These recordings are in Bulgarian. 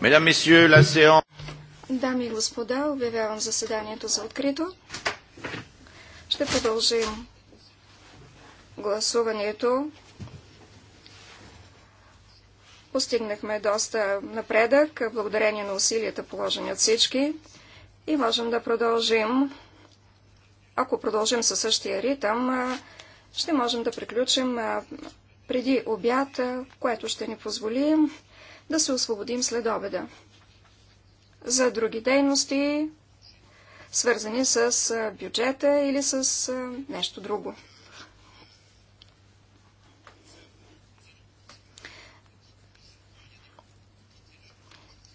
Дами и господа, обявявам заседанието за открито. Ще продължим гласуването. Постигнахме доста напредък, благодарение на усилията положени от всички и можем да продължим. Ако продължим със същия ритъм, ще можем да приключим преди обяд, което ще ни позволи да се освободим след обеда. За други дейности, свързани с бюджета или с нещо друго.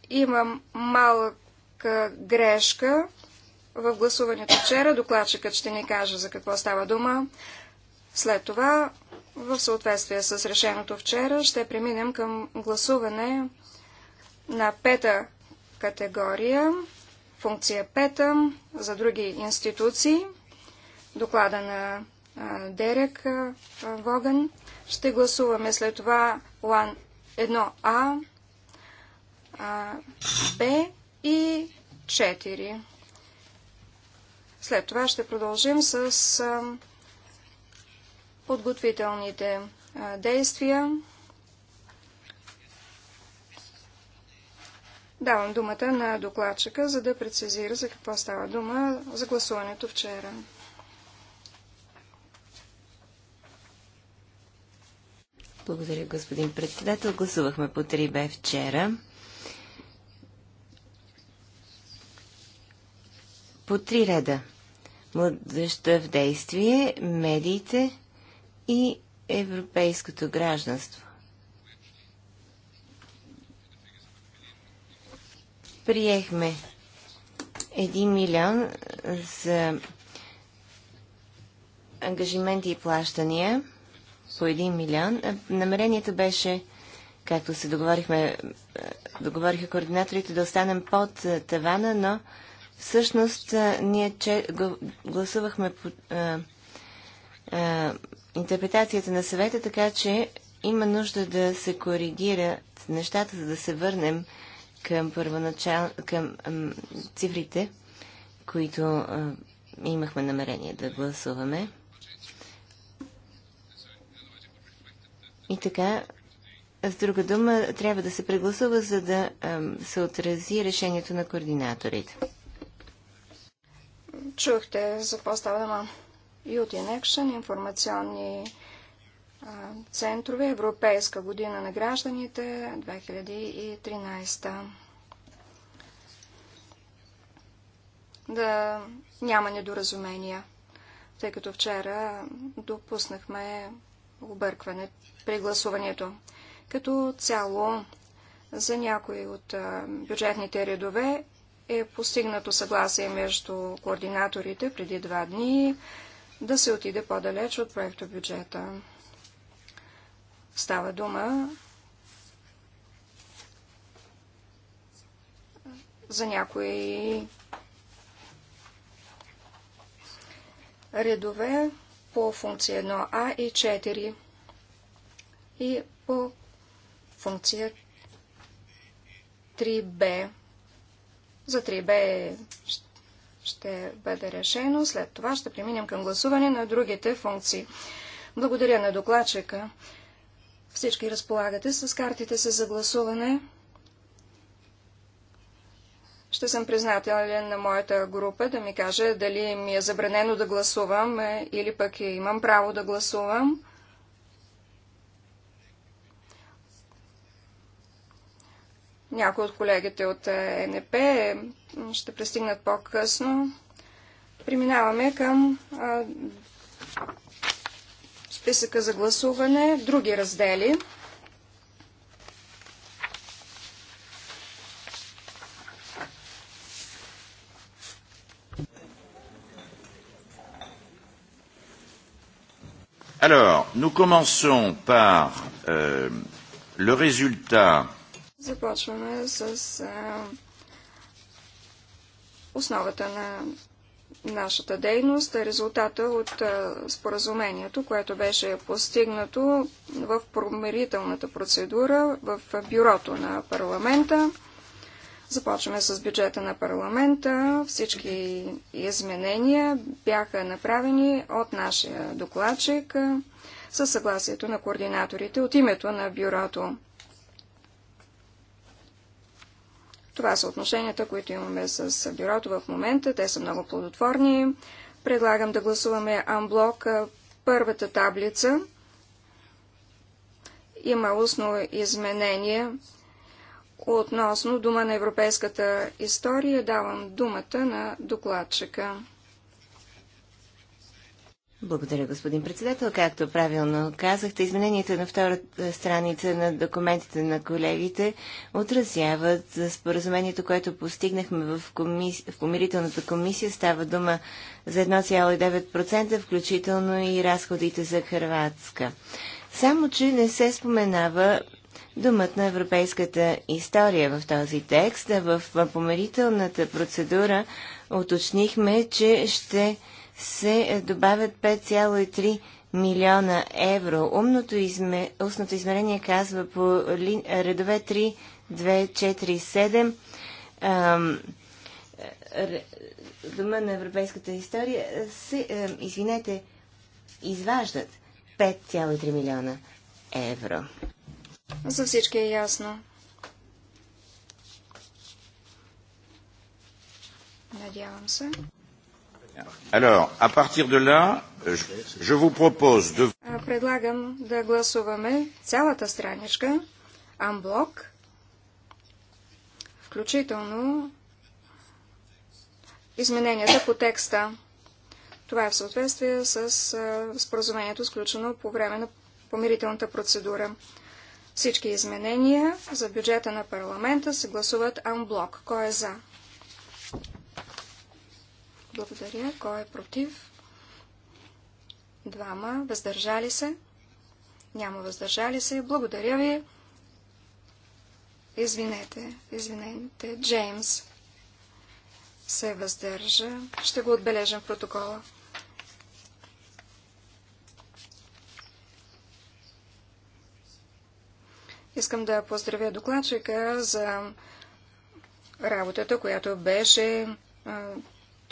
Имам малка грешка в гласуването вчера. Докладчикът ще ни каже за какво става дума. След това в съответствие с решеното вчера ще преминем към гласуване на пета категория, функция пета за други институции, доклада на Дерек Воган. Ще гласуваме след това 1А, Б и 4. След това ще продължим с подготвителните действия. Давам думата на докладчика, за да прецизира за какво става дума за гласуването вчера. Благодаря, господин председател. Гласувахме по 3Б вчера. По три реда. Младеща в действие, медиите, и европейското гражданство. Приехме 1 милион за ангажименти и плащания по 1 милион. Намерението беше, както се договорихме, договориха координаторите да останем под тавана, но всъщност ние че, гласувахме по а, интерпретацията на съвета, така че има нужда да се коригират нещата, за да се върнем към, първоначал... към ам, цифрите, които а, имахме намерение да гласуваме. И така, с друга дума, трябва да се прегласува, за да ам, се отрази решението на координаторите. Чухте за какво става дума. Youth Action, информационни центрове, Европейска година на гражданите 2013. Да няма недоразумения, тъй като вчера допуснахме объркване при гласуването. Като цяло за някои от бюджетните редове е постигнато съгласие между координаторите преди два дни да се отиде по-далеч от проекта бюджета. Става дума за някои редове по функция 1А и 4 и по функция 3B. За 3B ще бъде решено. След това ще преминем към гласуване на другите функции. Благодаря на докладчика. Всички разполагате с картите си за гласуване. Ще съм признателен на моята група да ми каже дали ми е забранено да гласувам е, или пък имам право да гласувам. Някои от колегите от е, НП ще пристигнат по-късно. Преминаваме към а, списъка за гласуване, други раздели. Alors, nous commençons par euh, le résultat Започваме с а, основата на нашата дейност, резултата от а, споразумението, което беше постигнато в промерителната процедура в бюрото на парламента. Започваме с бюджета на парламента. Всички изменения бяха направени от нашия докладчик със съгласието на координаторите от името на бюрото. Това са отношенията, които имаме с бюрото в момента. Те са много плодотворни. Предлагам да гласуваме амблок първата таблица. Има устно изменение относно дума на европейската история. Давам думата на докладчика. Благодаря, господин председател. Както правилно казахте, измененията на втората страница на документите на колегите отразяват споразумението, което постигнахме в, коми... в помирителната комисия. Става дума за 1,9%, включително и разходите за Хрватска. Само, че не се споменава думът на европейската история в този текст. В помирителната процедура уточнихме, че ще се добавят 5,3 милиона евро. Умното изме... устното измерение казва по ли... редове 3, 2, 4, 7. Ре... Дома на европейската история е, се, е, извинете, изваждат 5,3 милиона евро. За всички е ясно. Надявам се. Alors, à partir de là, euh, je vous propose de... Предлагам да гласуваме цялата страничка, амблок, включително измененията по текста. Това е в съответствие с споразумението, сключено по време на помирителната процедура. Всички изменения за бюджета на парламента се гласуват амблок. Кой е за? Благодаря. Кой е против? Двама. Въздържали се? Няма въздържали се. Благодаря ви. Извинете, извинете. Джеймс се въздържа. Ще го отбележам в протокола. Искам да поздравя докладчика за работата, която беше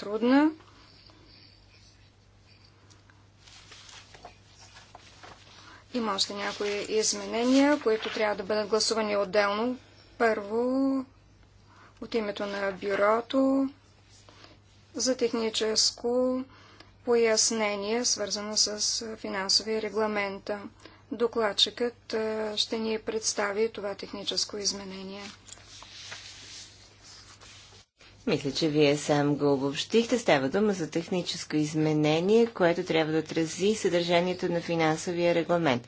трудна. Има още някои изменения, които трябва да бъдат гласувани отделно. Първо, от името на бюрото за техническо пояснение, свързано с финансови регламента. Докладчикът ще ни представи това техническо изменение. Мисля, че вие сам го обобщихте. Става дума за техническо изменение, което трябва да отрази съдържанието на финансовия регламент.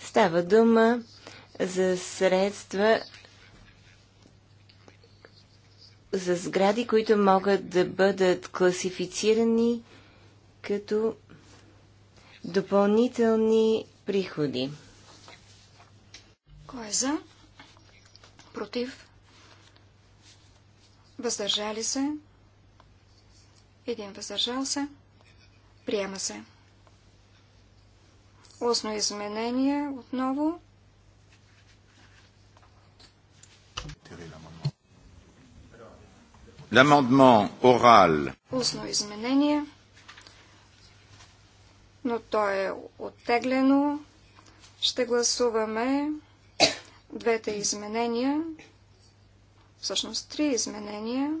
Става дума за средства за сгради, които могат да бъдат класифицирани като допълнителни приходи. Кой е за? Против? въздържали се, един въздържал се, приема се. Устно изменение отново. L'amendement oral. Устно изменение, но то е оттеглено. Ще гласуваме двете изменения всъщност три изменения.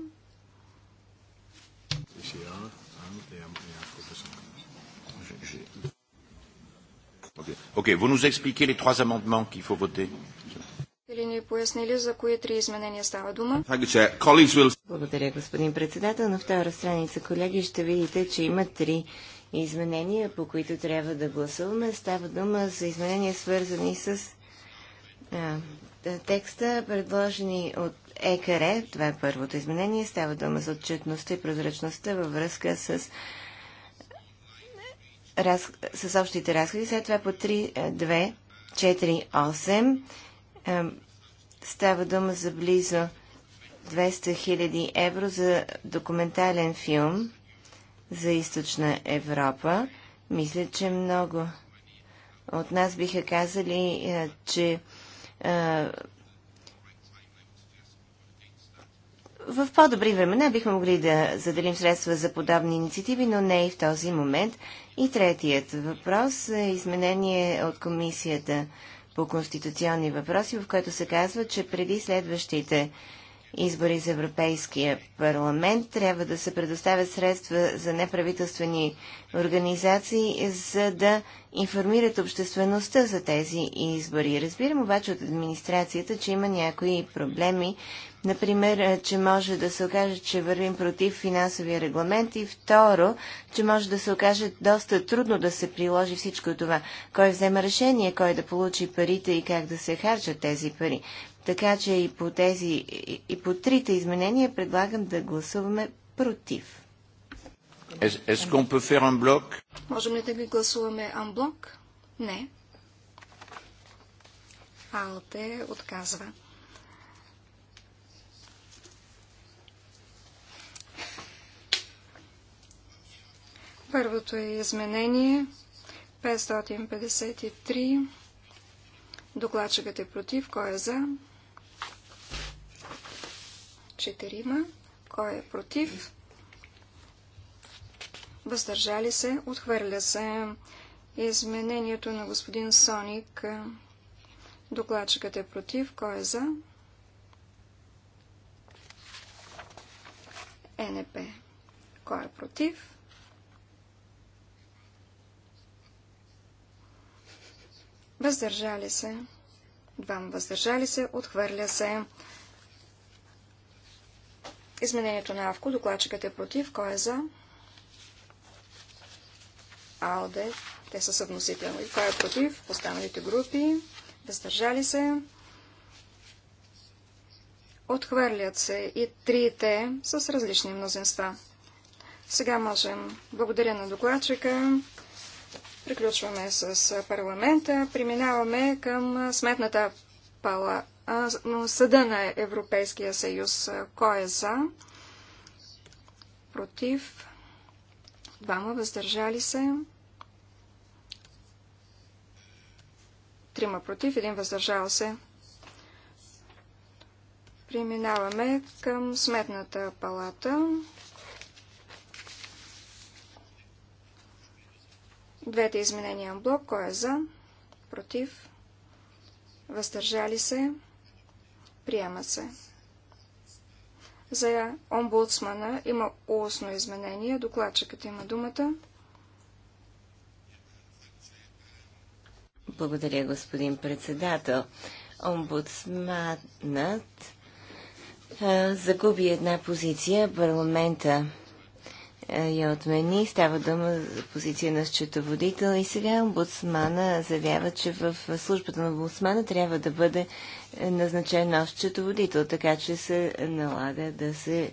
Окей, Вие nous Или ни пояснили за кои три изменения става дума? Благодаря, господин председател. На втора страница, колеги, ще видите, че има три изменения, по които трябва да гласуваме. Става дума за изменения, свързани с а, текста, предложени от ЕКР, това е първото изменение, става дума за отчетността и прозрачността във връзка с, раз, с общите разходи. След това по 3, 2, 4, 8 става дума за близо 200 000 евро за документален филм за източна Европа. Мисля, че много от нас биха казали, е, че е, В по-добри времена бихме могли да заделим средства за подобни инициативи, но не и в този момент. И третият въпрос е изменение от комисията по конституционни въпроси, в което се казва, че преди следващите избори за Европейския парламент трябва да се предоставят средства за неправителствени организации, за да информират обществеността за тези избори. Разбирам обаче от администрацията, че има някои проблеми Например, че може да се окаже, че вървим против финансовия регламент и второ, че може да се окаже доста трудно да се приложи всичко това. Кой взема решение, кой да получи парите и как да се харчат тези пари. Така че и по, тези, и по трите изменения предлагам да гласуваме против. Можем ли да ги гласуваме анблок? Не. Алте отказва. Първото е изменение 553. Докладчикът е против. Кой е за? Четирима. Кой е против? Въздържали се. Отхвърля се изменението на господин Соник. Докладчикът е против. Кой е за? Е, НП. Кой е против? въздържали се, двама въздържали се, отхвърля се. Изменението на Авко, докладчикът е против, кой е за? АЛДЕ, те са съвносителни. Кой е против? Останалите групи, въздържали се. Отхвърлят се и трите с различни мнозинства. Сега можем. Благодаря на докладчика. Приключваме с парламента. Преминаваме към сметната пала... съда на Европейския съюз. Кой е за? Против? Двама въздържали се. Трима против, един въздържал се. Преминаваме към сметната палата. Двете изменения на блок. Кой е за? Против? Въздържали се? Приема се. За омбудсмана има устно изменение. Докладчикът има думата. Благодаря, господин председател. Омбудсманът загуби една позиция. Парламента е, я отмени. Става дума за позиция на счетоводител и сега омбудсмана заявява, че в службата на омбудсмана трябва да бъде е, назначен нов счетоводител, така че се налага да се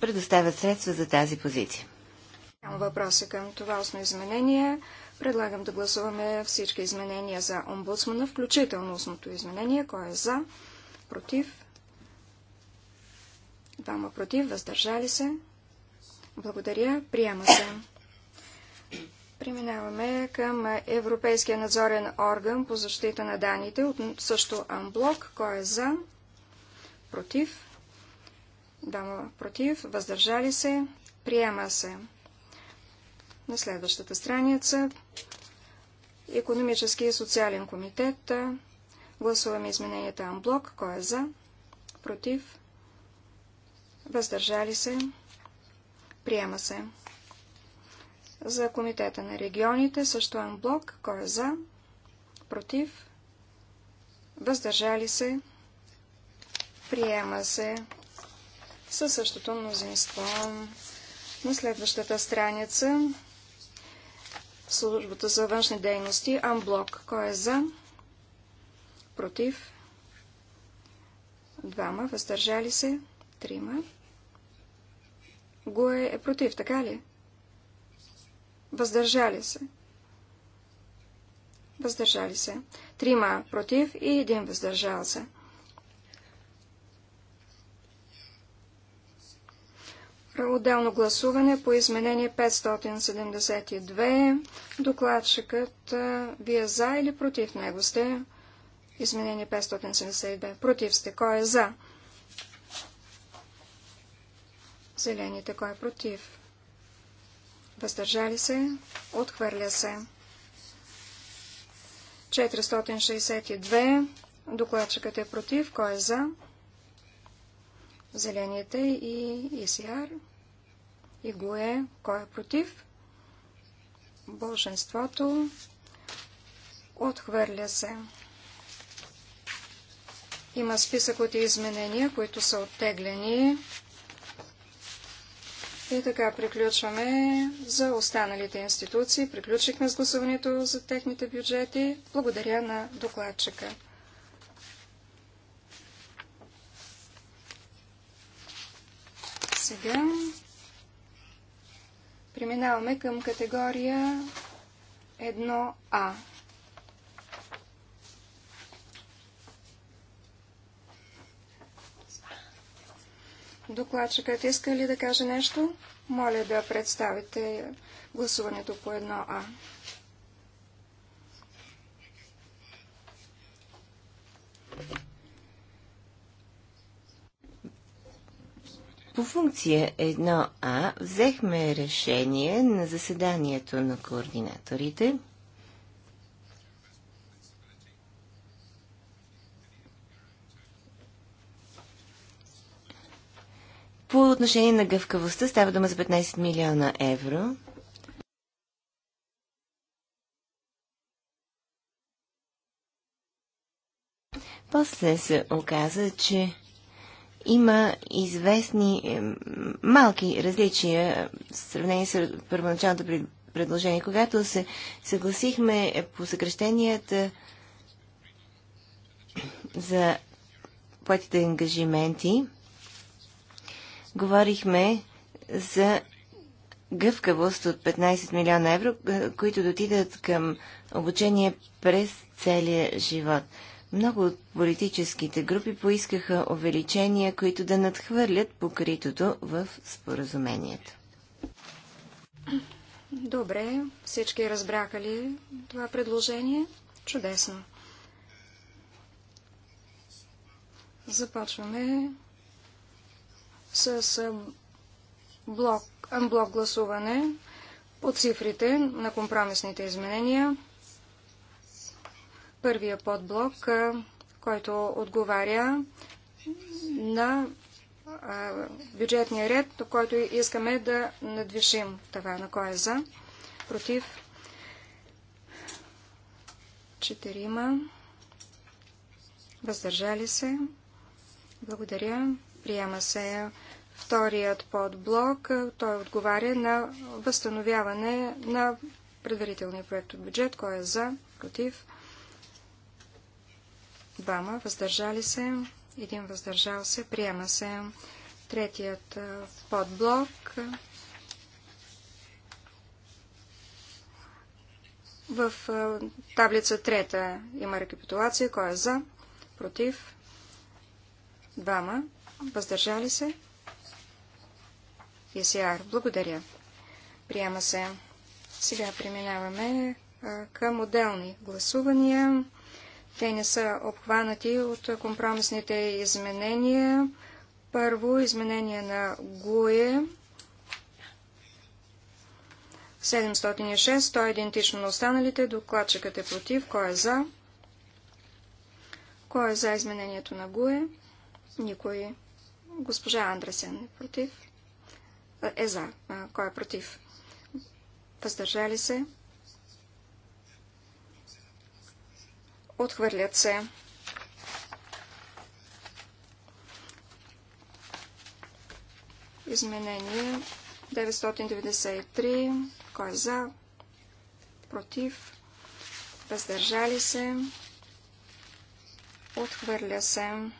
предоставят средства за тази позиция. Няма въпроса към това осно изменение. Предлагам да гласуваме всички изменения за омбудсмана, включително устното изменение. Кой е за? Против? Двама против? Въздържали се? Благодаря. Приема се. Преминаваме към Европейския надзорен орган по защита на данните от също Амблок. Кой е за? Против? Дама против. Въздържали се? Приема се. На следващата страница Економически и социален комитет. Гласуваме измененията Амблок. Кой е за? Против? Въздържали се? Приема се. За Комитета на регионите също е блок. Кой е за? Против? Въздържали се? Приема се със същото мнозинство. На следващата страница службата за външни дейности, Амблок. Кой е за? Против? Двама. Въздържали се? Трима го е, е против, така ли? Въздържали се. Въздържали се. Трима против и един въздържал се. Отделно гласуване по изменение 572. Докладчикът, вие за или против него сте? Изменение 572. Против сте. Кой е за? Зелените, кой е против? Въздържали се? Отхвърля се. 462. Докладчикът е против. Кой е за? Зелените и ИСР. И ГУЕ. Кой е против? Болшинството. Отхвърля се. Има списък от изменения, които са оттеглени. И така приключваме за останалите институции. Приключихме с гласуването за техните бюджети. Благодаря на докладчика. Сега преминаваме към категория 1А. Докладчикът иска ли да каже нещо? Моля да представите гласуването по едно а По функция 1А взехме решение на заседанието на координаторите По отношение на гъвкавостта става дума за 15 милиона евро. После се оказа, че има известни малки различия е, в сравнение с първоначалното предложение. Когато се съгласихме по съкрещенията за платите ангажименти, говорихме за гъвкавост от 15 милиона евро, които дотидат към обучение през целия живот. Много от политическите групи поискаха увеличения, които да надхвърлят покритото в споразумението. Добре, всички разбраха ли това предложение? Чудесно. Започваме с блок, анблок гласуване по цифрите на компромисните изменения. Първия подблок, който отговаря на бюджетния ред, до който искаме да надвишим това, на кой е за, против, четирима, въздържали се, благодаря, приема се Вторият подблок, той отговаря на възстановяване на предварителния проект от бюджет. Кой е за? Против? Двама въздържали се. Един въздържал се. Приема се. Третият подблок. В таблица трета има рекапитулация. Кой е за? Против? Двама. Въздържали се. ЕСР. Благодаря. Приема се. Сега преминаваме към отделни гласувания. Те не са обхванати от компромисните изменения. Първо, изменение на ГУЕ 706, Той е идентично на останалите. Докладчикът е против. Кой е за? Кой е за изменението на ГУЕ? Никой. Госпожа Андресен е против е за. Кой е против? Въздържали се? Отхвърлят се. Изменение 993. Кой е за? Против? Въздържали се? Отхвърля се.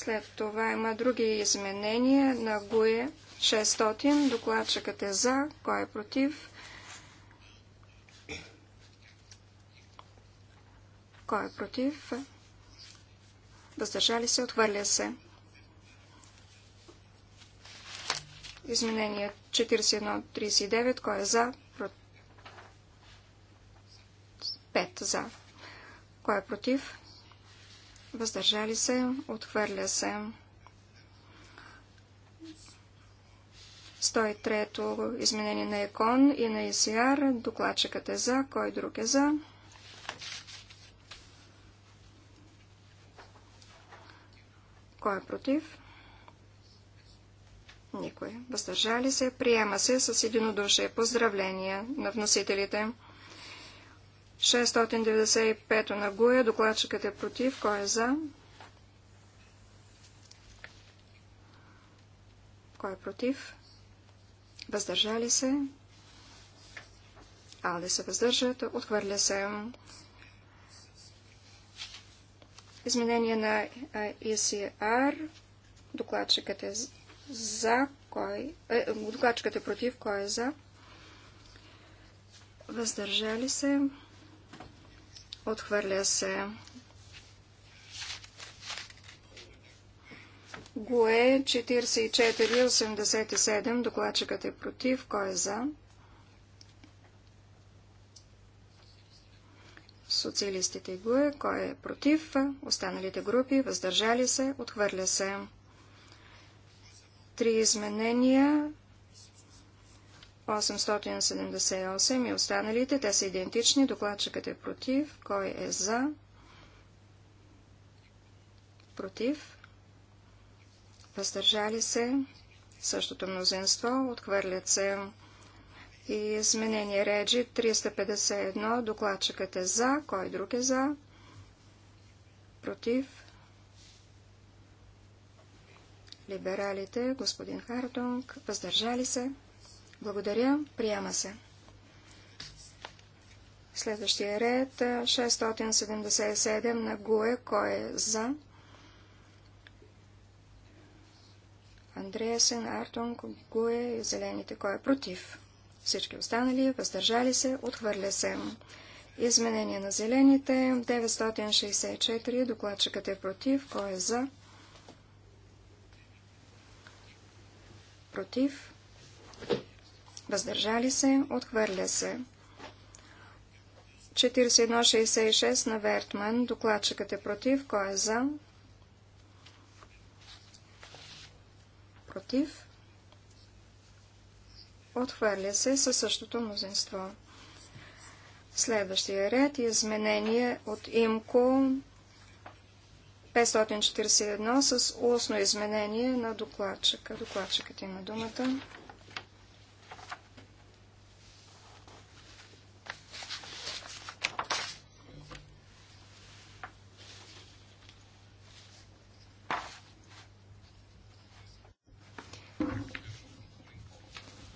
След това има други изменения на ГУЕ 600. Докладчикът е за, кой е против, кой е против, въздържали се, отхвърля се. Изменение 4139, кой е за, 5 за, кой е против, въздържали се, отхвърля се. 103-то изменение на ЕКОН и на ИСИАР. Е Докладчикът е за, кой друг е за. Кой е против? Никой. Въздържали се, приема се с единодушие. Поздравления на вносителите. 695 на Гуя. Докладчикът е против. Кой е за? Кой е против? Въздържали се? Али се въздържат. Отхвърля се. Изменение на ИСР. Докладчикът е за. Кой... Е, докладчикът е против. Кой е за? Въздържали се? Отхвърля се. ГУЕ 4487. Докладчикът е против. Кой е за? Социалистите ГУЕ. Кой е против? Останалите групи. Въздържали се. Отхвърля се. Три изменения. 878 и останалите, те са идентични. Докладчикът е против. Кой е за? Против. Въздържали се. Същото мнозинство. Отхвърлят се. И изменение реджи 351. Докладчикът е за. Кой друг е за? Против. Либералите, господин Хартунг, въздържали се. Благодаря. Приема се. Следващия ред 677 на Гуе. Кой е за? Андреасен, Артон, Гуе и Зелените. Кой е против? Всички останали въздържали се, отхвърля се. Изменение на зелените 964. Докладчикът е против. Кой е за? Против въздържали се, отхвърля се. 4166 на Вертман. Докладчикът е против. Кой е за? Против. Отхвърля се със същото мнозинство. Следващия ред е изменение от ИМКО 541 с устно изменение на докладчика. Докладчикът има думата.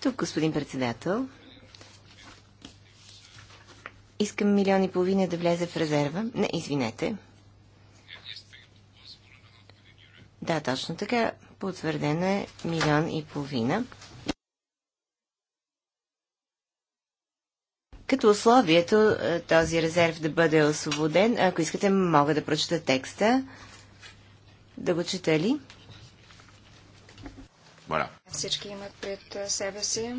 Тук, господин председател, искам милион и половина да влезе в резерва. Не, извинете. Да, точно така. Потвърдено е милион и половина. Като условието е, този резерв да бъде освободен, ако искате, мога да прочета текста. Да го чета ли? Voilà. Всички имат пред себе си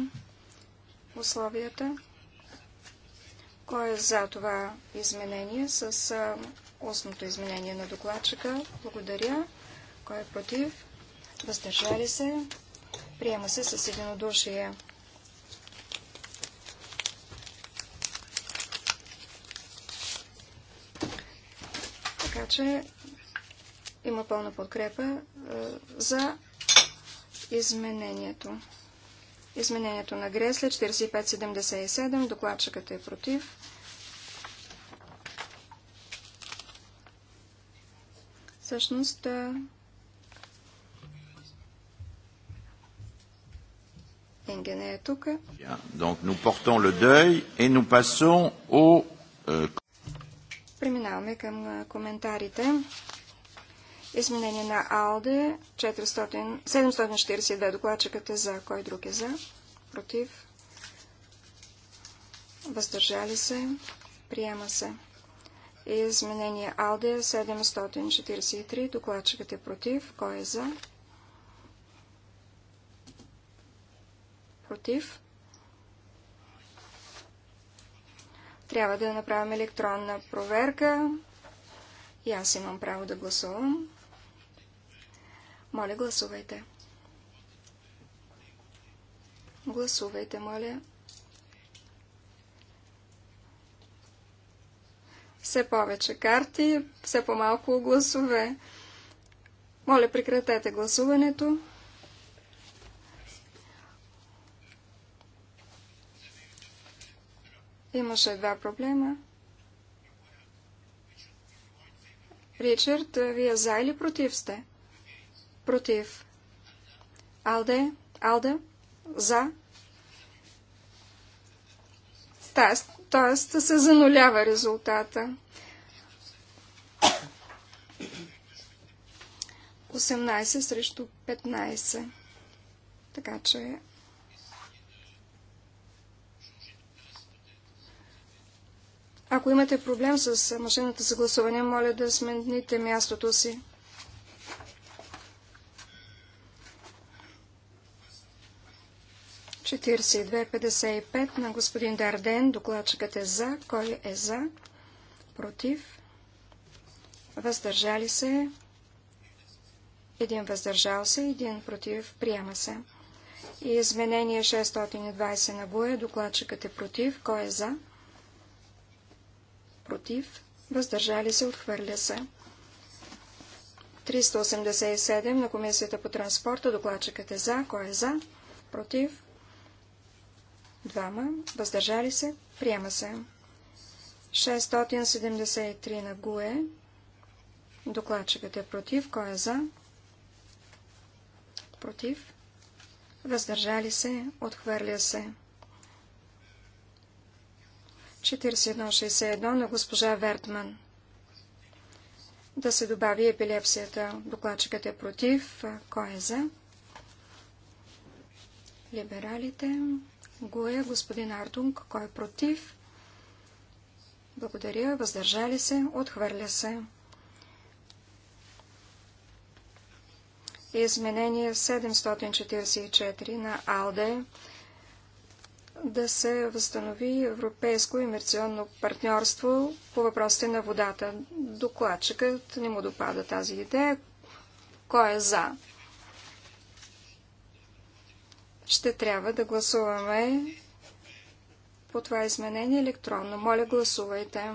условията. Кой е за това изменение с устното изменение на докладчика? Благодаря. Кой е против? Въздържали се? Приема се с единодушие. Така че има пълна подкрепа за изменението. Изменението на Гресле 4577. Докладчикът е против. Всъщност, Енген е тук. Donc, nous portons le deuil et nous passons au... Euh, Преминаваме към коментарите. Изменение на АЛДЕ 400, 742 докладчиката е за. Кой друг е за? Против? Въздържали се? Приема се. Изменение АЛДЕ 743 докладчиката е против. Кой е за? Против? Трябва да направим електронна проверка. И аз имам право да гласувам. Моля, гласувайте. Гласувайте, моля. Все повече карти, все по-малко гласове. Моля, прекратете гласуването. Имаше два проблема. Ричард, вие за или против сте? против. Алде, Алда, за. Тоест, тоест се занулява резултата. 18 срещу 15. Така че Ако имате проблем с машината за гласуване, моля да смените мястото си. 42.55 на господин Дарден. Докладчикът е за. Кой е за? Против. Въздържали се. Един въздържал се, един против. Приема се. И изменение 620 на боя. Докладчикът е против. Кой е за? Против. Въздържали се. Отхвърля се. 387 на Комисията по транспорта. Докладчикът е за. Кой е за? Против. Двама. Въздържали се. Приема се. 673 на ГУЕ. Докладчикът е против. Кой е за? Против. Въздържали се. Отхвърля се. 4161 на госпожа Вертман. Да се добави епилепсията. Докладчикът е против. Кой е за? Либералите го е господин Артунг. Кой е против? Благодаря. Въздържали се. Отхвърля се. Изменение 744 на АЛДЕ да се възстанови европейско имерционно партньорство по въпросите на водата. Докладчикът не му допада тази идея. Кой е за? ще трябва да гласуваме по това изменение електронно. Моля, гласувайте.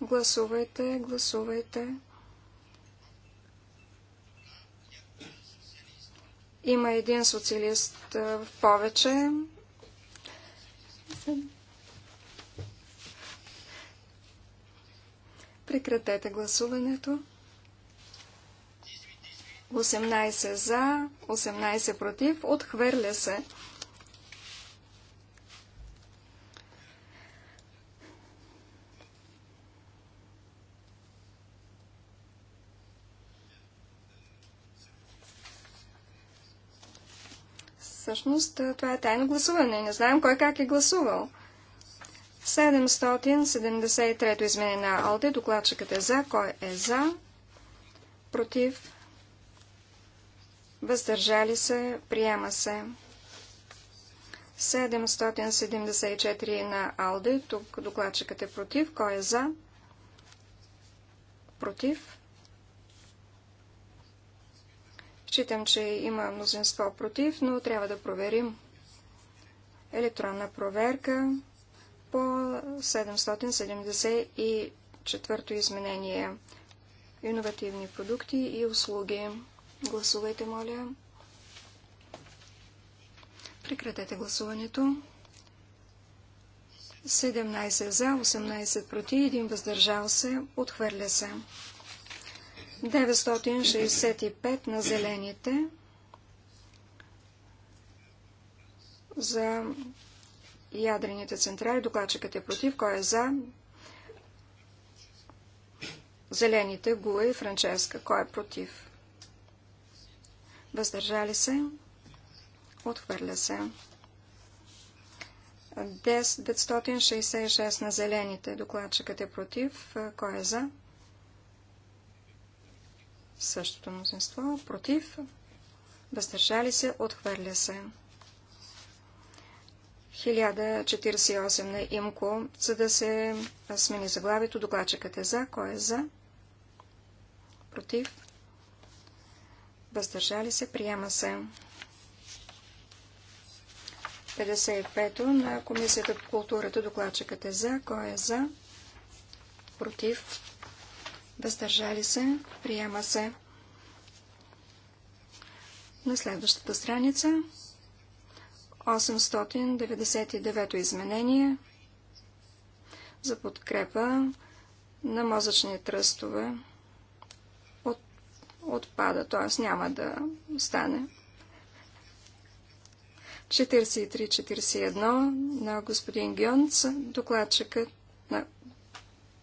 Гласувайте, гласувайте. Има един социалист в повече. Прекратете гласуването. 18 за, 18 против, отхвърля се. Всъщност, това е тайно гласуване. Не знаем кой как е гласувал. 773 изменение на Алде. Докладчикът е за. Кой е за? Против? въздържали се, приема се. 774 на Алде, тук докладчикът е против, кой е за? Против. Считам, че има мнозинство против, но трябва да проверим. Електронна проверка по 774 изменение. Иновативни продукти и услуги. Гласувайте, моля. Прекратете гласуването. 17 за, 18 против, 1 въздържал се, отхвърля се. 965 на зелените за ядрените централи. Докладчикът е против. Кой е за? Зелените, Гула и Франческа. Кой е против? въздържали се, отхвърля се. 966 на зелените. Докладчикът е против. Кой е за? Същото мнозинство. Против. Въздържали се. Отхвърля се. 1048 на имко, за да се смени заглавието. Докладчикът е за. Кой е за? Против въздържали се, приема се. 55-то на Комисията по културата докладчикът е за. Кой е за? Против. Въздържали се. Приема се. На следващата страница 899 изменение за подкрепа на мозъчни тръстове отпада, т.е. няма да стане. 43-41 на господин Гьонц, докладчикът на...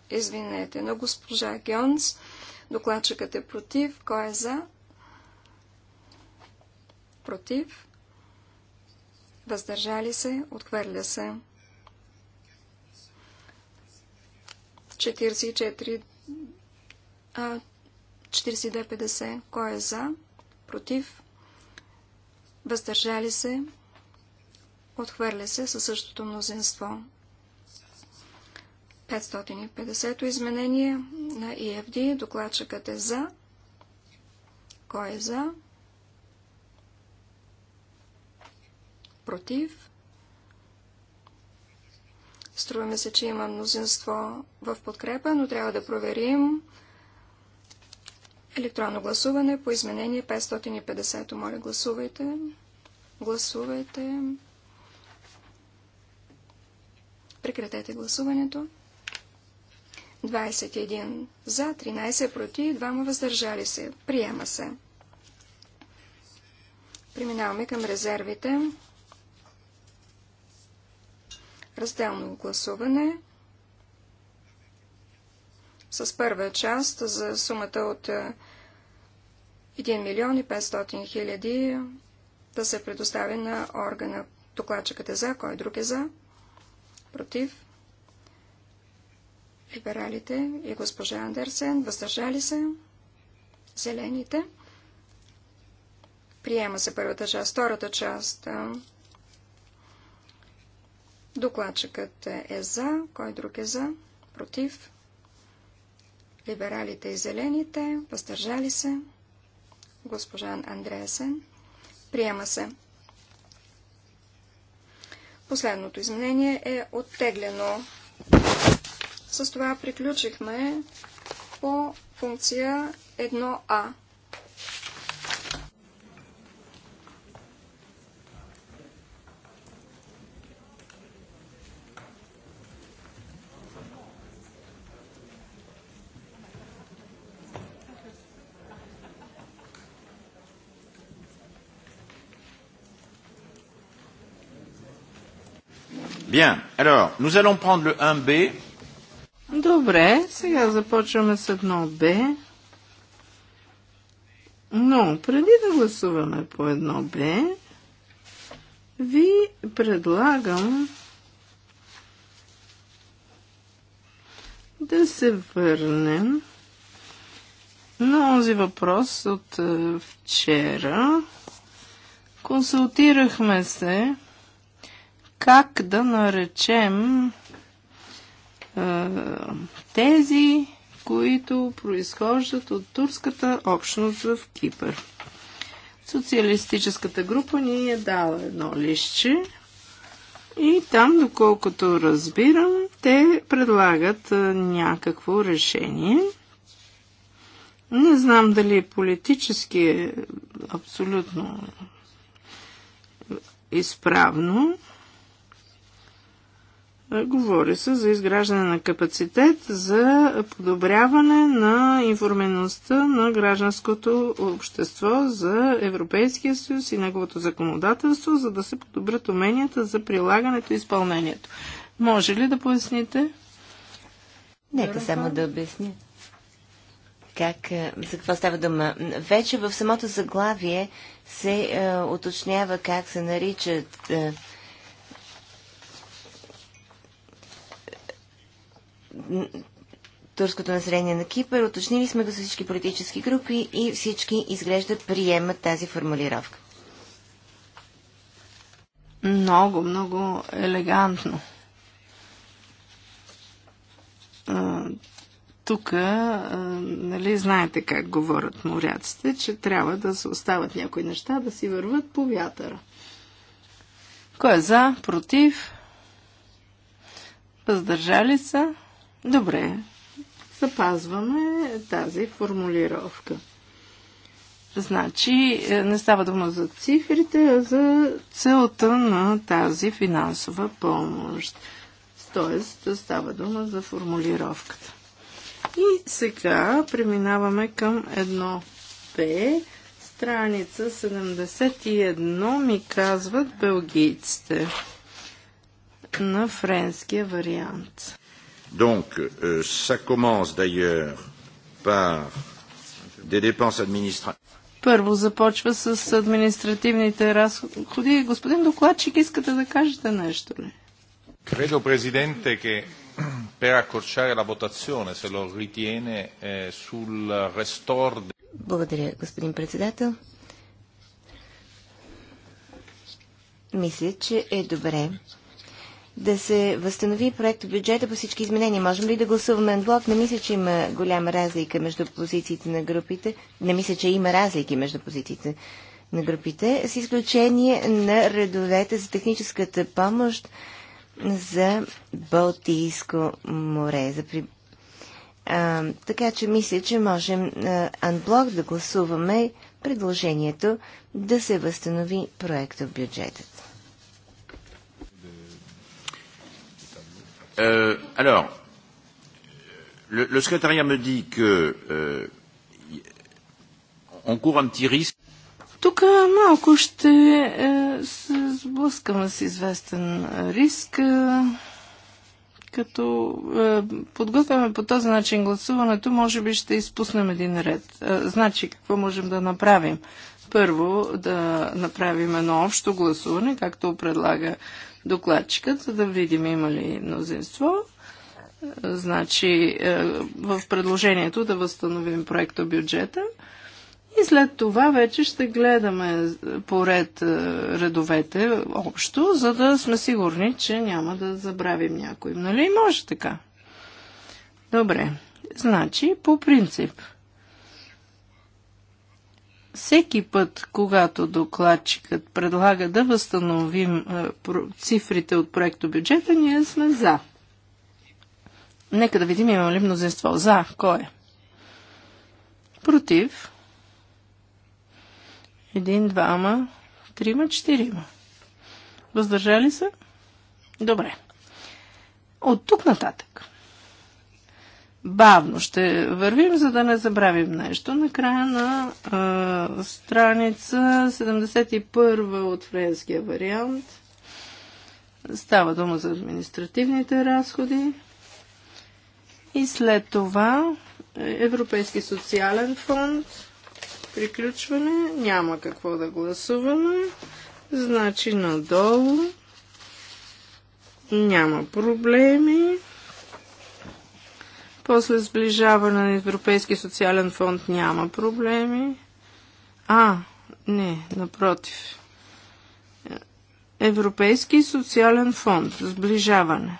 Извинете, на госпожа Гьонц. Докладчикът е против. Кой е за? Против. Въздържали се. Отхвърля се. 44. А, 4250. Кой е за? Против? Въздържали се? Отхвърля се със същото мнозинство. 550-то изменение на EFD. Докладчикът е за. Кой е за? Против? Струваме се, че има мнозинство в подкрепа, но трябва да проверим. Електронно гласуване по изменение 550. Моля, гласувайте. Гласувайте. Прекратете гласуването. 21 за, 13 против, 2 въздържали се. Приема се. Преминаваме към резервите. Разделно гласуване с първа част за сумата от 1 е, милион и 500 хиляди да се предостави на органа. Докладчикът е за, кой друг е за? Против? Либералите и госпожа Андерсен въздържали се. Зелените. Приема се първата част. Втората част. Е, докладчикът е за. Кой друг е за? Против? либералите и зелените, въздържали се, госпожан Андреасен, приема се. Последното изменение е оттеглено. С това приключихме по функция 1А. Bien, alors, nous allons prendre le 1B. Добре, сега започваме с 1B. Но преди да гласуваме по 1B, ви предлагам да се върнем на този въпрос от е, вчера. Консултирахме се как да наречем е, тези, които произхождат от турската общност в Кипър. Социалистическата група ни е дала едно лище и там, доколкото разбирам, те предлагат някакво решение. Не знам дали политически е абсолютно изправно, е, говори се за изграждане на капацитет за подобряване на информеността на гражданското общество за Европейския съюз и неговото законодателство, за да се подобрят уменията за прилагането и изпълнението. Може ли да поясните? Нека само да обясня. Как, е, за какво става дума? Вече в самото заглавие се е, уточнява как се наричат е, турското население на Кипър. уточнили сме го с всички политически групи и всички изглежда приемат тази формулировка. Много, много елегантно. Тук, нали, знаете как говорят моряците, че трябва да се остават някои неща да си върват по вятъра. Кой е за, против, въздържали са? Добре, запазваме тази формулировка. Значи е, не става дума за цифрите, а за целта на тази финансова помощ. Тоест става дума за формулировката. И сега преминаваме към едно П. Страница 71 ми казват белгийците на френския вариант. Donc, euh, ça commence d'ailleurs par des dépenses administratives. Първо започва с административните разходи. Господин докладчик, искате да кажете нещо ли? Credo, Presidente, che per accorciare la votazione, se lo ritiene, sul restore... Благодаря, господин председател. Мисля, че е добре да се възстанови проект бюджета по всички изменения. Можем ли да гласуваме анблок? Не мисля, че има голяма разлика между позициите на групите. Не мисля, че има разлики между позициите на групите, с изключение на редовете за техническата помощ за Балтийско море. За при... а, така че мисля, че можем анблок да гласуваме предложението да се възстанови проекта в бюджетът. Euh, alors, le, le secrétariat me dit que euh, on court un petit risque. Тук малко ще е, се сблъскаме с известен риск, е, като е, подготвяме по този начин гласуването, може би ще изпуснем един ред. Е, значи, какво можем да направим? Първо, да направим едно общо гласуване, както предлага докладчикът, за да видим има ли мнозинство. Значи е, в предложението да възстановим проекто бюджета. И след това вече ще гледаме поред е, редовете общо, за да сме сигурни, че няма да забравим някой. Нали може така? Добре. Значи, по принцип, всеки път, когато докладчикът предлага да възстановим е, цифрите от проекто бюджета, ние сме за. Нека да видим имам ли мнозинство. За. Кой е? Против. Един, двама, трима, четирима. Въздържали се? Добре. От тук нататък бавно ще вървим, за да не забравим нещо. Накрая на а, страница 71 от френския вариант става дума за административните разходи. И след това Европейски социален фонд, приключване, няма какво да гласуваме. Значи надолу няма проблеми. После сближаване на Европейски социален фонд няма проблеми. А, не, напротив. Европейски социален фонд, сближаване.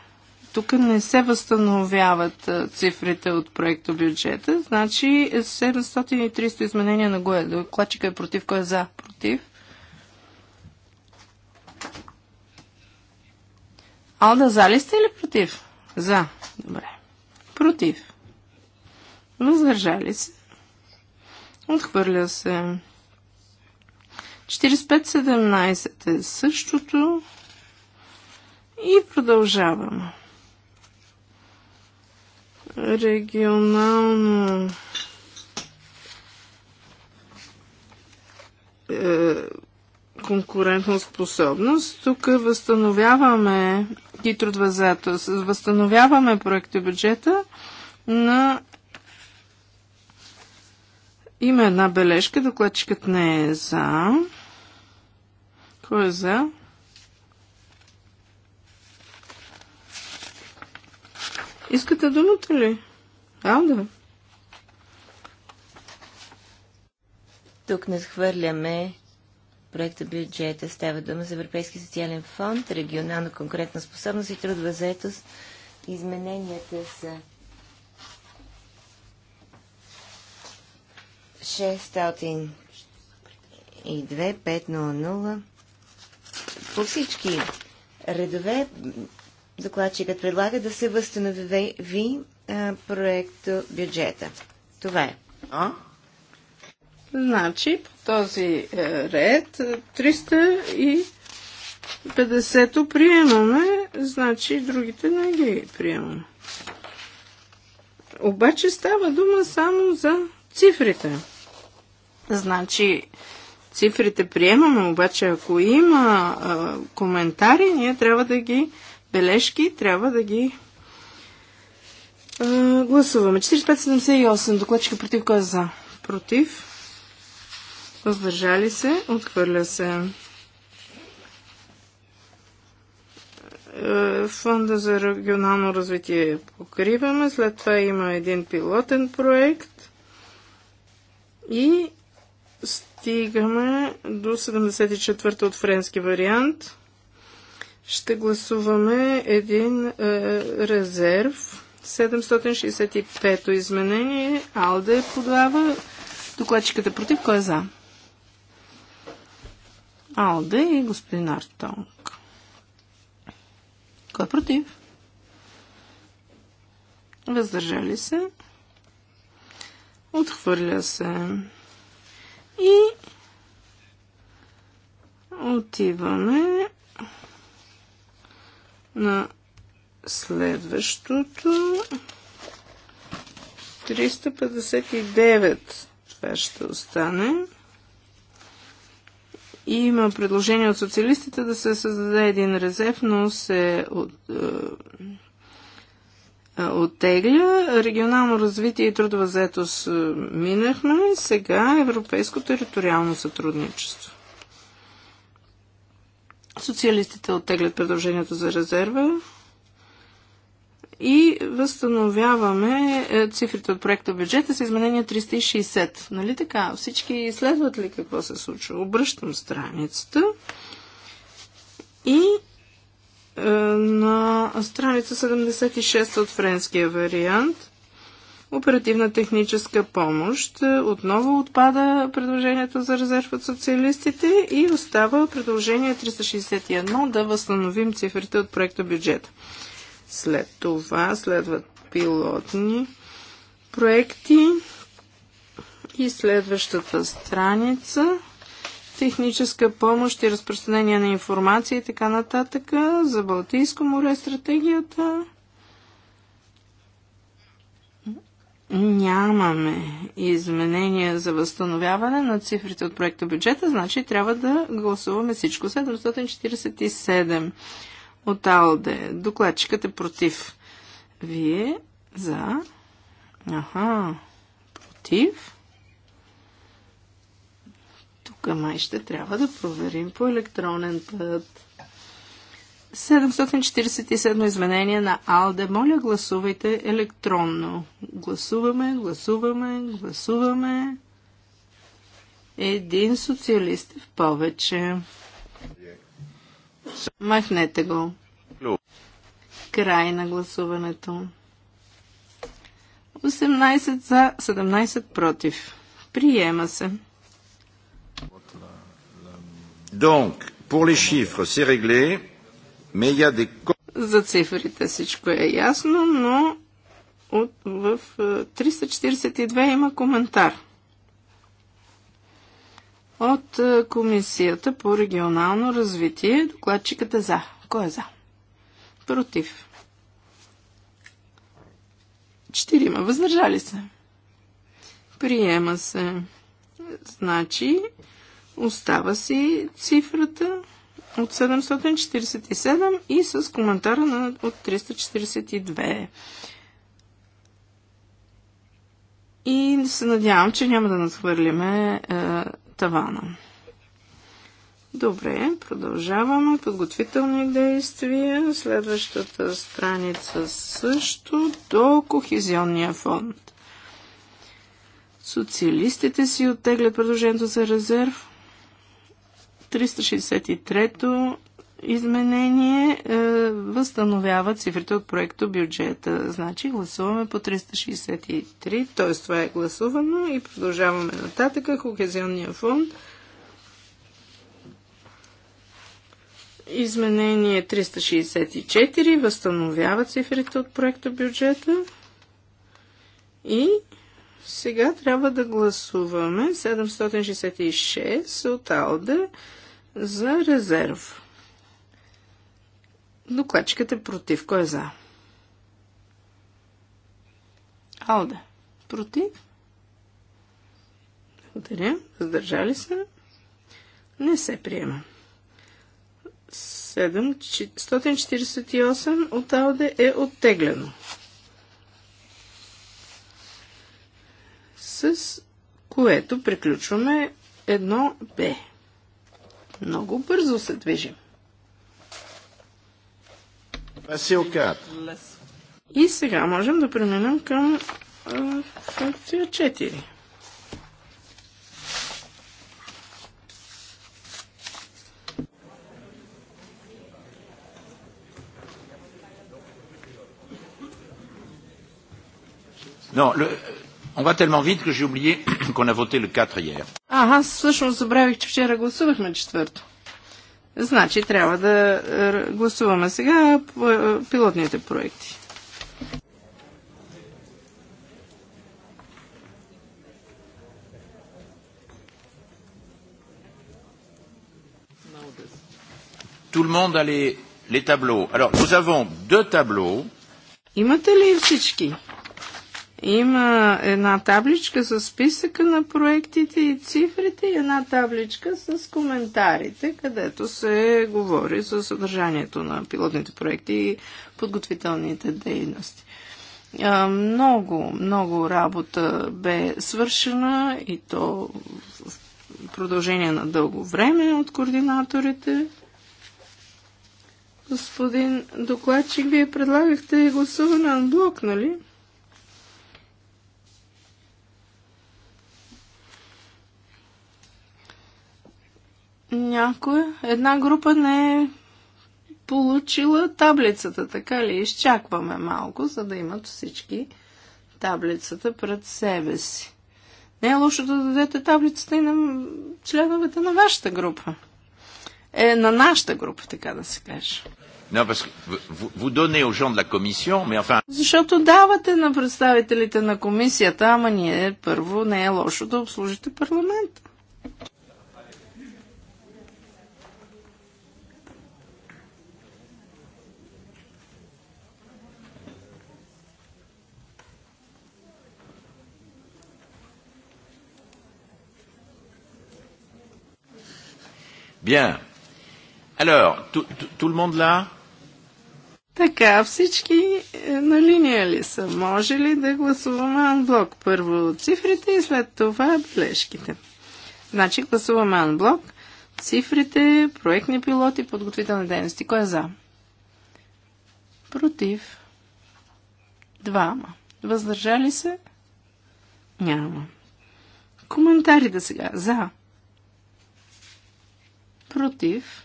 Тук не се възстановяват цифрите от проекто бюджета. Значи 730 изменения на ГОЕ. Докладчика е против, кой е за? Против. Алда, за ли сте или против? За. Добре. Против. Въздържали се. Отхвърля се. 45-17 е същото. И продължавам. Регионално е, конкурентна способност. Тук възстановяваме и трудва заетост. Възстановяваме проекта бюджета на има една бележка, докладчикът не е за. Кой е за? Искате думата ли? А, да. Тук не схвърляме проекта бюджета. Става дума за Европейски социален фонд, регионална конкретна способност и трудова заетост. Измененията са 602 500 по всички редове докладчикът предлага да се възстанови проекто бюджета. Това е. А? Значи, по този е, ред 350 е, приемаме, значи другите не ги приемаме. Обаче става дума само за цифрите. Значи, цифрите приемаме, обаче ако има а, е, коментари, ние трябва да ги, бележки, трябва да ги а, гласуваме. 4578, докладчика против, кой е за? Против въздържали се, отхвърля се. Е, Фонда за регионално развитие покриваме, след това има един пилотен проект и стигаме до 74-та от френски вариант. Ще гласуваме един е, резерв. 765-то изменение. Алде подава. Докладчиката е против. Кой е за? Алде и господин Артонг. Кой е против? Въздържали се. Отхвърля се. И отиваме на следващото. 359. Това ще остане. Има предложение от социалистите да се създаде един резерв, но се от, е, е, оттегля. Регионално развитие и трудова заетост е, минахме. Сега европейско териториално сътрудничество. Социалистите оттеглят предложението за резерва и възстановяваме е, цифрите от проекта бюджета с изменение 360. Нали така? Всички следват ли какво се случва? Обръщам страницата и е, на страница 76 от френския вариант оперативна техническа помощ. Е, отново отпада предложението за резерв от социалистите и остава предложение 361 да възстановим цифрите от проекта бюджета. След това следват пилотни проекти и следващата страница техническа помощ и разпространение на информация и така нататък. За Балтийско море стратегията нямаме изменения за възстановяване на цифрите от проекта бюджета, значи трябва да гласуваме всичко. 747 от АЛДЕ. Докладчикът е против. Вие за. Аха. Против. Тук май ще трябва да проверим по електронен път. 747 изменение на АЛДЕ. Моля, гласувайте електронно. Гласуваме, гласуваме, гласуваме. Един социалист в повече. Yeah. Е, Махнете го. Край на гласуването. 18 за, 17 против. Приема се. Donc, pour les chiffres, c'est réglé, mais il y a des... За цифрите всичко е ясно, но от, в 342 е, има коментар от е, Комисията по регионално развитие. Докладчикът е за. Кой е за? Против. Четирима. Въздържали се. Приема се. Значи, остава си цифрата от 747 и с коментара на, от 342. И се надявам, че няма да надхвърлиме е, тавана. Добре, продължаваме. Подготвителни действия. Следващата страница също до кохезионния фонд. Социалистите си оттеглят предложението за резерв. 363-то изменение е, възстановява цифрите от проекто бюджета. Значи гласуваме по 363, т.е. това е гласувано и продължаваме нататък. Кохезионния фонд. Изменение 364 възстановява цифрите от проекто бюджета. И сега трябва да гласуваме 766 от АЛДЕ за резерв клечката е против. Кой е за? Алде. Против? Благодаря. Задържали се? Не се приема. 748 от Алде е оттеглено. С което приключваме едно б Много бързо се движим. И сега можем да преминем към а, функция 4. Но, le, on va tellement vite que j'ai oublié qu'on a voté le 4 hier. Ah, аз всъщност забравих, че вчера гласувахме четвърто. Значи трябва да е, гласуваме сега е, пилотните проекти. Tout le monde a les, les tableaux. Alors, nous avons deux tableaux. Имате ли всички? Има една табличка с списъка на проектите и цифрите и една табличка с коментарите, където се говори за съдържанието на пилотните проекти и подготвителните дейности. Много, много работа бе свършена и то в продължение на дълго време от координаторите. Господин докладчик, вие предлагахте гласуване на блок, нали? някой, една група не е получила таблицата, така ли? Изчакваме малко, за да имат всички таблицата пред себе си. Не е лошо да дадете таблицата и на членовете на вашата група. Е, на нашата група, така да се каже. Non, parce que vous, vous donnez aux gens de la commission, mais enfin... Защото давате на представителите на комисията, ама ние първо не е лошо да обслужите парламента. Bien. Alors, tout, tout, tout le monde là? Така, всички е, на линия ли са? Може ли да гласуваме анблок? Първо цифрите и след това бележките. Значи гласуваме анблок, цифрите, проектни пилоти, подготвителни дейности. Кой е за? Против. Двама. Въздържали се? Няма. Коментарите сега. За против,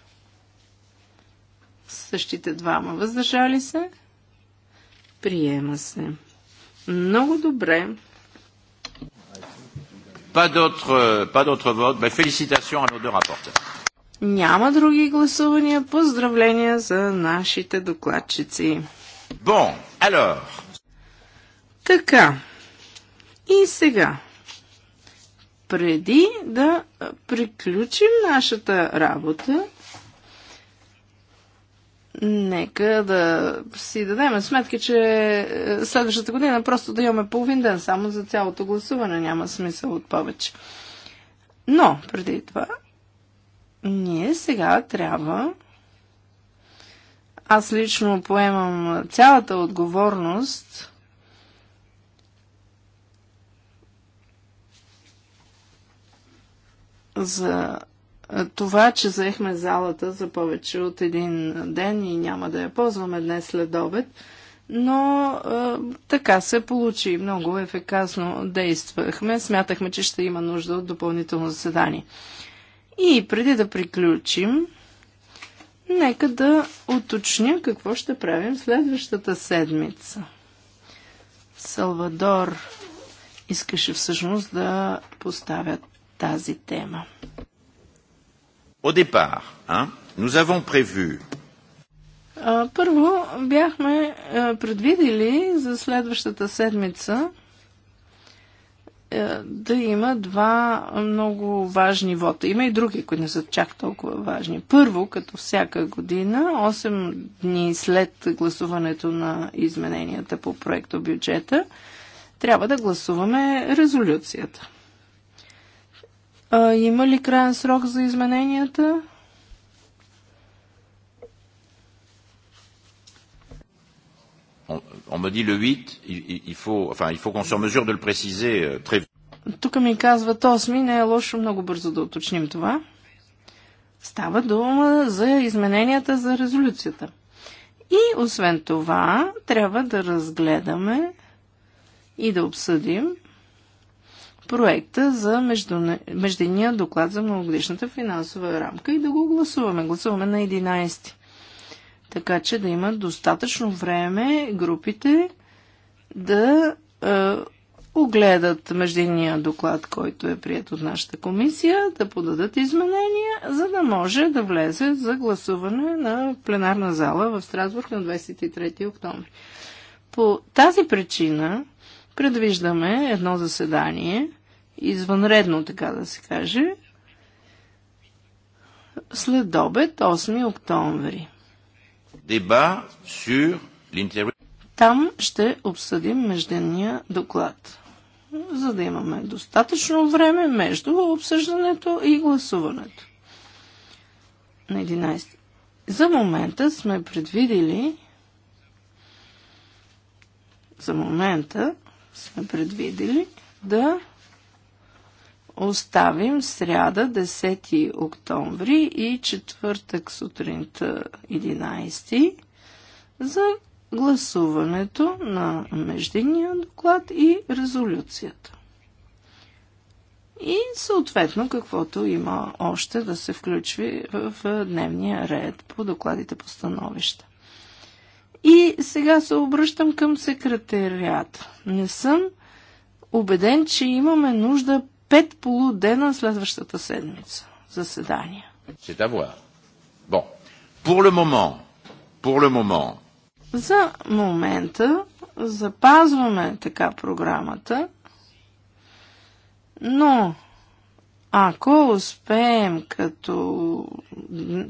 същите двама въздържали се, приема се. Много добре. Pas d'autres votes, mais félicitations à nos deux rapporteurs. Няма други гласувания. Поздравления за нашите докладчици. Bon, alors. Така. И сега преди да приключим нашата работа, нека да си дадем сметка, че е, следващата година просто да имаме половин ден само за цялото гласуване. Няма смисъл от повече. Но, преди това, ние сега трябва. Аз лично поемам цялата отговорност за това, че заехме залата за повече от един ден и няма да я ползваме днес след обед, но а, така се получи. Много ефекасно действахме. Смятахме, че ще има нужда от допълнително заседание. И преди да приключим, нека да уточня какво ще правим следващата седмица. Салвадор искаше всъщност да поставят тази тема. Au départ, hein, nous avons prévu първо бяхме предвидели за следващата седмица да има два много важни вота. Има и други, които не са чак толкова важни. Първо, като всяка година, 8 дни след гласуването на измененията по проекто бюджета, трябва да гласуваме резолюцията. А, има ли крайен срок за измененията? On, on me dit le 8, il, il faut, enfin, il faut qu'on soit mesure de le préciser euh, très vite. Тук ми казват 8, не е лошо много бързо да уточним това. Става дума за измененията за резолюцията. И освен това, трябва да разгледаме и да обсъдим проекта за междения междинния доклад за многогодишната финансова рамка и да го гласуваме. Гласуваме на 11. Така че да има достатъчно време групите да е, огледат междинния доклад, който е прият от нашата комисия, да подадат изменения, за да може да влезе за гласуване на пленарна зала в Страсбург на 23 октомври. По тази причина предвиждаме едно заседание, извънредно така да се каже, след обед 8 октомври. Деба sur Там ще обсъдим междения доклад, за да имаме достатъчно време между обсъждането и гласуването. На 11. За момента сме предвидили за момента сме предвидели да оставим сряда 10 октомври и четвъртък сутринта 11 за гласуването на междинния доклад и резолюцията. И съответно каквото има още да се включи в дневния ред по докладите по становища. И сега се обръщам към секретарият. Не съм убеден, че имаме нужда пет полудена следващата седмица заседания. C'est à voir. Bon. Pour le moment, pour le moment. За момента запазваме така програмата, но ако успеем като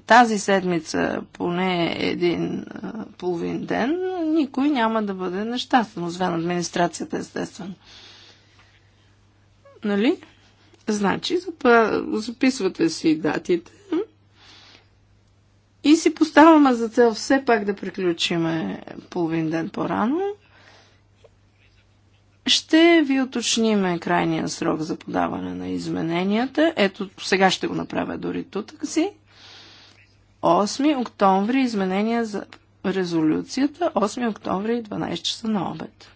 тази седмица поне един а, половин ден, никой няма да бъде нещастен, освен администрацията, естествено. Нали? Значи, записвате си датите и си поставяме за цел все пак да приключиме половин ден по-рано ще ви уточним крайния срок за подаване на измененията. Ето, сега ще го направя дори тук си. 8 октомври изменения за резолюцията. 8 октомври 12 часа на обед.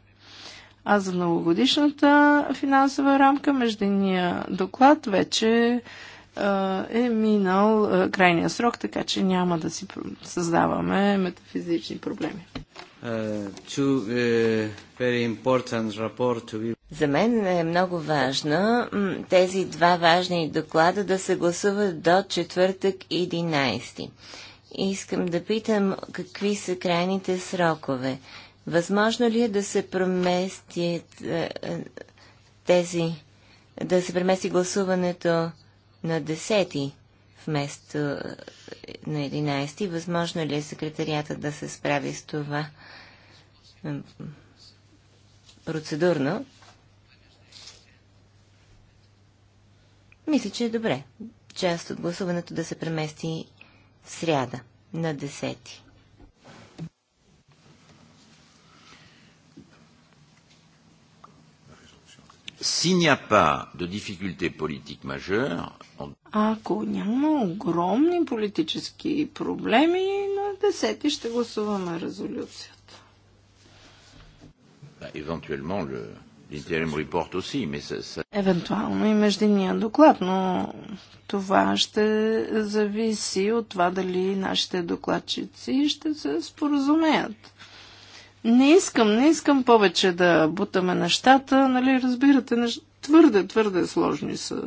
А за многогодишната финансова рамка междинния доклад вече е минал крайния срок, така че няма да си създаваме метафизични проблеми. Uh, uh, За мен е много важно тези два важни доклада да се гласуват до четвъртък 11. Искам да питам какви са крайните срокове. Възможно ли е да се проместят е, е, тези, да се премести гласуването на 10 вместо е, на 11. Възможно ли е секретарията да се справи с това процедурно? Мисля, че е добре част от гласуването да се премести в сряда на 10. S'il n'y a pas de difficultés politiques majeures, Ако няма огромни политически проблеми, на 10 ще гласуваме резолюцията. le... report aussi, mais ça, ça... Евентуално и междинния доклад, но това ще зависи от това дали нашите докладчици ще се споразумеят. Не искам, не искам повече да бутаме нещата, нали, разбирате, нещ... твърде, твърде сложни са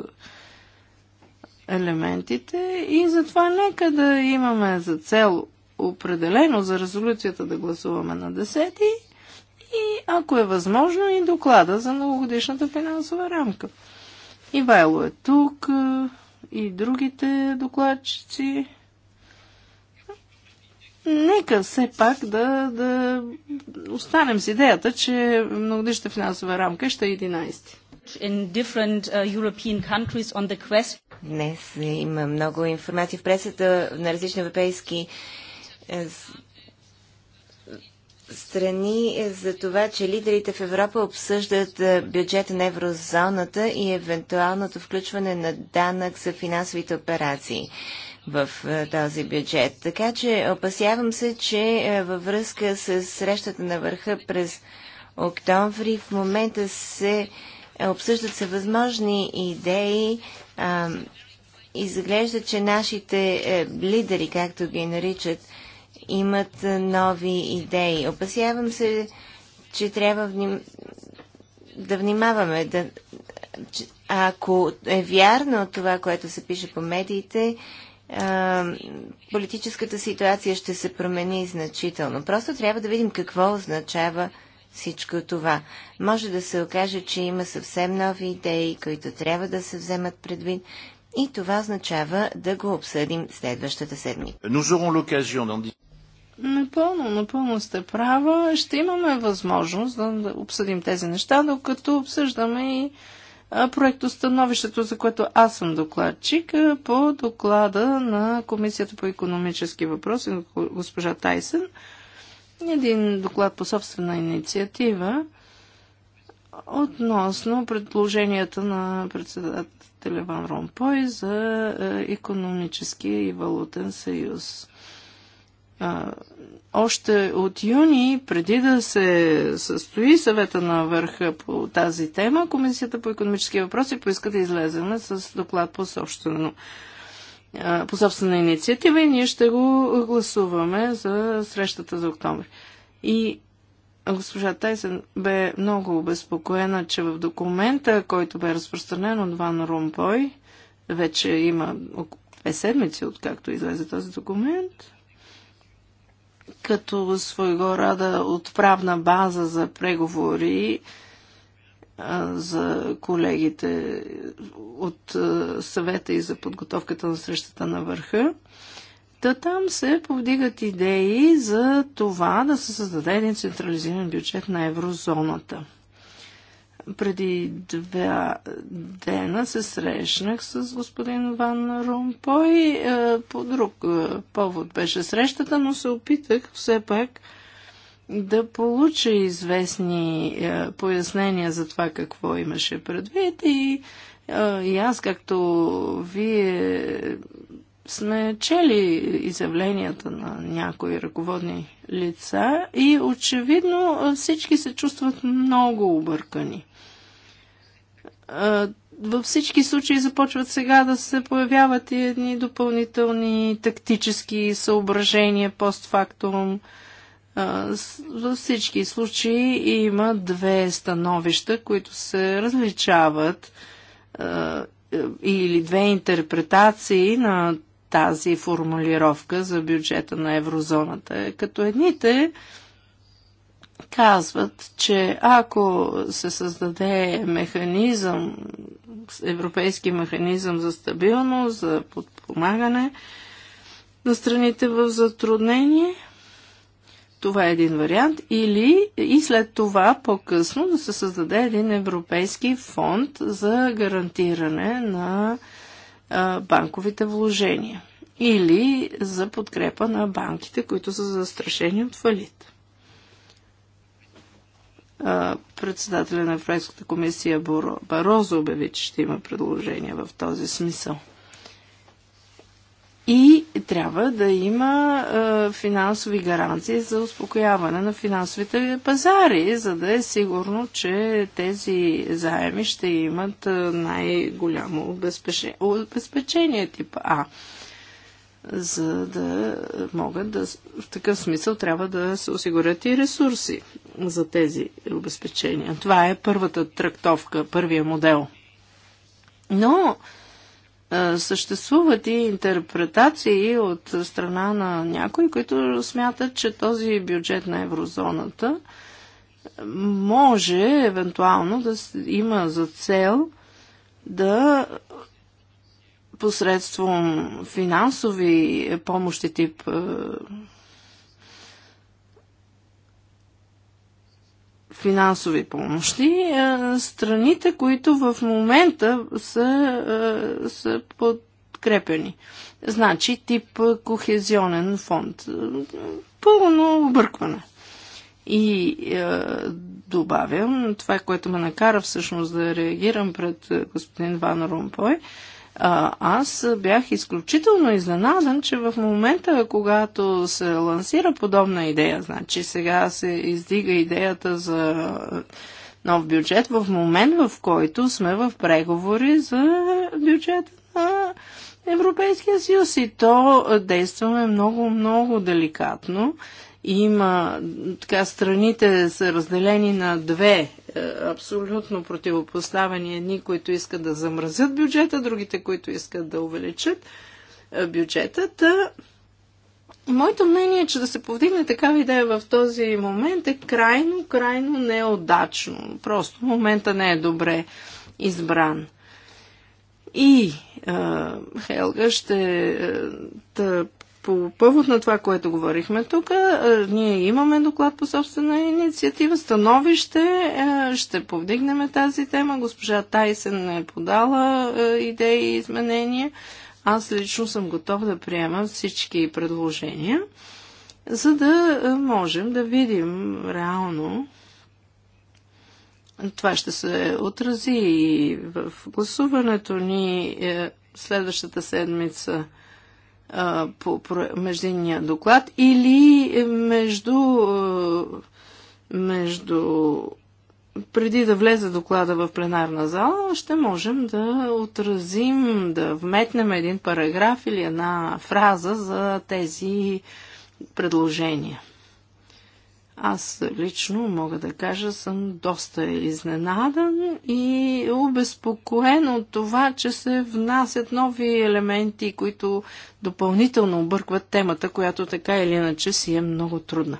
елементите и затова нека да имаме за цел определено за резолюцията да гласуваме на 10 и ако е възможно и доклада за многогодишната финансова рамка. Ивайло е тук е, и другите докладчици. Нека все пак да, да останем с идеята, че многодишната финансова рамка ще е 11. Uh, Днес има много информация в пресата на различни европейски е, страни е, за това, че лидерите в Европа обсъждат е, бюджета на еврозоната и евентуалното включване на данък за финансовите операции в е, този бюджет. Така че опасявам се, че е, във връзка с срещата на върха през октомври в момента се е, обсъждат се възможни идеи. изглежда, че нашите лидери, както ги наричат, имат нови идеи. Опасявам се, че трябва вним... да внимаваме. Да... Ако е вярно това, което се пише по медиите, политическата ситуация ще се промени значително. Просто трябва да видим какво означава всичко това. Може да се окаже, че има съвсем нови идеи, които трябва да се вземат предвид и това означава да го обсъдим следващата седмица. Напълно, напълно сте права. Ще имаме възможност да обсъдим тези неща, докато обсъждаме и становището, за което аз съм докладчик, е по доклада на Комисията по економически въпроси на госпожа Тайсън. Един доклад по собствена инициатива относно предложенията на председателя Ван Ромпой за е, економически и валутен съюз още от юни, преди да се състои съвета на върха по тази тема, Комисията по економически въпроси поиска да излеземе с доклад по собствено по собствена инициатива и ние ще го гласуваме за срещата за октомври. И госпожа Тайсен бе много обезпокоена, че в документа, който бе разпространен от Ван Румпой, вече има около две седмици, откакто излезе този документ, като своего рода отправна база за преговори за колегите от съвета и за подготовката на срещата на върха. Та там се повдигат идеи за това да се създаде един централизиран бюджет на еврозоната. Преди два дена се срещнах с господин Ван Ромпой. Е, по друг е, повод беше срещата, но се опитах все пак да получа известни е, пояснения за това какво имаше предвид и и аз, както вие сме чели изявленията на някои ръководни лица и очевидно всички се чувстват много объркани. Във всички случаи започват сега да се появяват и едни допълнителни тактически съображения постфактум. Във всички случаи има две становища, които се различават или две интерпретации на тази формулировка за бюджета на еврозоната. Като едните казват, че ако се създаде механизъм, европейски механизъм за стабилност, за подпомагане на страните в затруднение, това е един вариант. Или и след това по-късно да се създаде един европейски фонд за гарантиране на банковите вложения или за подкрепа на банките, които са застрашени от фалит. Председателя на Европейската комисия Барозо обяви, че ще има предложения в този смисъл и трябва да има а, е, финансови гаранции за успокояване на финансовите пазари, за да е сигурно, че тези заеми ще имат е, най-голямо обезпечение, обезпечение тип А. За да могат да. В такъв смисъл трябва да се осигурят и ресурси за тези обезпечения. Това е първата трактовка, първия модел. Но Съществуват и интерпретации от страна на някои, които смятат, че този бюджет на еврозоната може евентуално да има за цел да посредством финансови помощи тип финансови помощи, страните, които в момента са, са подкрепени. Значи тип кохезионен фонд. Пълно объркване. И е, добавям това, което ме накара всъщност да реагирам пред господин Ван Румпой, е, аз бях изключително изненадан, че в момента, когато се лансира подобна идея, значи сега се издига идеята за нов бюджет, в момент в който сме в преговори за бюджет на Европейския съюз и то действаме много-много деликатно има така страните са разделени на две е, абсолютно противопоставени едни, които искат да замразят бюджета, другите, които искат да увеличат е, бюджета. Та, е, моето мнение е, че да се повдигне такава идея в този момент е крайно, крайно неудачно. Просто момента не е добре избран. И е, Хелга ще тъп, по повод на това, което говорихме тук, е, ние имаме доклад по собствена инициатива, становище, е, ще повдигнем тази тема. Госпожа Тайсен е подала е, идеи и изменения. Аз лично съм готов да приема всички предложения, за да можем да видим реално това ще се отрази и в гласуването ни следващата седмица по междинния доклад или между, между преди да влезе доклада в пленарна зала, ще можем да отразим, да вметнем един параграф или една фраза за тези предложения. Аз лично мога да кажа, съм доста изненадан и обезпокоен от това, че се внасят нови елементи, които допълнително объркват темата, която така или иначе си е много трудна.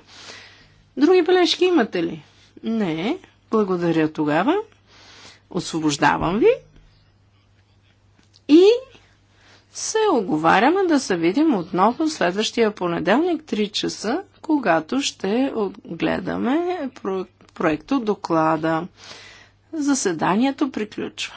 Други бележки имате ли? Не. Благодаря тогава. Освобождавам ви. И се оговаряме да се видим отново следващия понеделник 3 часа, когато ще гледаме проекто доклада. Заседанието приключва.